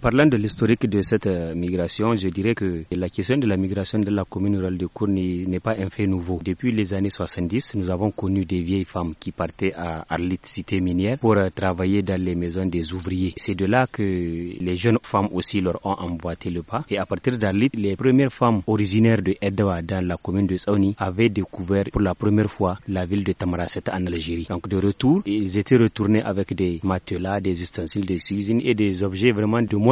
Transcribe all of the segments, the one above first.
Parlant de l'historique de cette euh, migration, je dirais que la question de la migration de la commune rurale de Kourni n'est pas un fait nouveau. Depuis les années 70, nous avons connu des vieilles femmes qui partaient à Arlit, cité minière, pour euh, travailler dans les maisons des ouvriers. C'est de là que les jeunes femmes aussi leur ont emboîté le pas. Et à partir d'Arlit, les premières femmes originaires de Edwa dans la commune de Saoni avaient découvert pour la première fois la ville de tamaraset en Algérie. Donc de retour, ils étaient retournés avec des matelas, des ustensiles, des cuisines et des objets vraiment de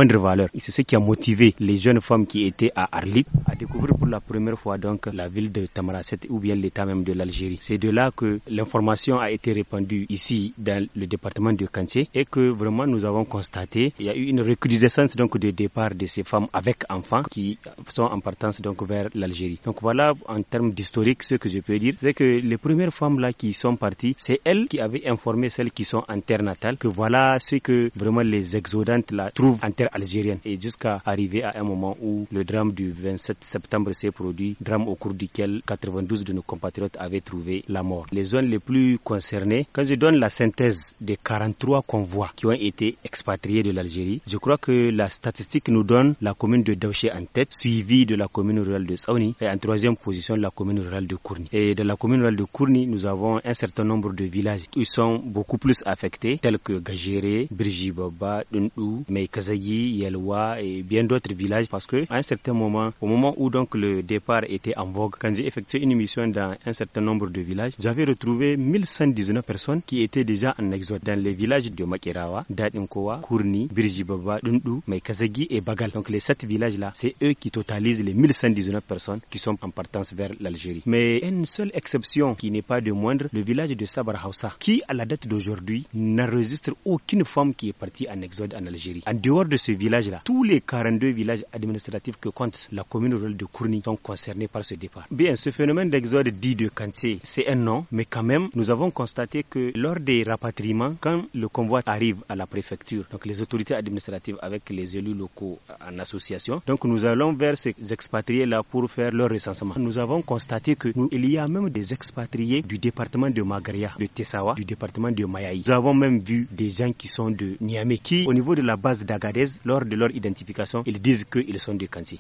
c'est ce qui a motivé les jeunes femmes qui étaient à Arlit à découvrir pour la première fois donc la ville de Tamaracet ou bien l'état même de l'Algérie. C'est de là que l'information a été répandue ici dans le département de Kantier et que vraiment nous avons constaté il y a eu une recrudescence donc de départ de ces femmes avec enfants qui sont en partance donc vers l'Algérie. Donc voilà en termes d'historique ce que je peux dire c'est que les premières femmes là qui sont parties c'est elles qui avaient informé celles qui sont en terre natale que voilà ce que vraiment les exodantes là trouvent en terre algérienne et jusqu'à arriver à un moment où le drame du 27 septembre s'est produit, drame au cours duquel 92 de nos compatriotes avaient trouvé la mort. Les zones les plus concernées, quand je donne la synthèse des 43 convois qui ont été expatriés de l'Algérie, je crois que la statistique nous donne la commune de Daouché en tête, suivie de la commune rurale de Sauni et en troisième position la commune rurale de Kourni. Et dans la commune rurale de Kourni, nous avons un certain nombre de villages qui sont beaucoup plus affectés, tels que Gagéré, Birjibaba, Dunou, Meikazayi, Yelwa et bien d'autres villages parce que à un certain moment, au moment où donc le départ était en vogue, quand j'ai effectué une mission dans un certain nombre de villages, j'avais retrouvé 1119 personnes qui étaient déjà en exode dans les villages de Makirawa, Dadinkowa, Kourni, Birjibaba, Dundu, Mekazegi et Bagal. Donc les sept villages-là, c'est eux qui totalisent les 1119 personnes qui sont en partance vers l'Algérie. Mais une seule exception qui n'est pas de moindre, le village de Sabar Hausa, qui à la date d'aujourd'hui n'enregistre aucune femme qui est partie en exode en Algérie. En dehors de village-là, tous les 42 villages administratifs que compte la commune rurale de Kourni sont concernés par ce départ. Bien, ce phénomène d'exode dit de cantier, c'est un nom, mais quand même, nous avons constaté que lors des rapatriements, quand le convoi arrive à la préfecture, donc les autorités administratives avec les élus locaux en association, donc nous allons vers ces expatriés-là pour faire leur recensement. Nous avons constaté que nous, il y a même des expatriés du département de Magria, de Tessawa, du département de Mayaï. Nous avons même vu des gens qui sont de Niamey, au niveau de la base d'Agadez lors de leur identification, ils disent qu'ils sont des Kansi.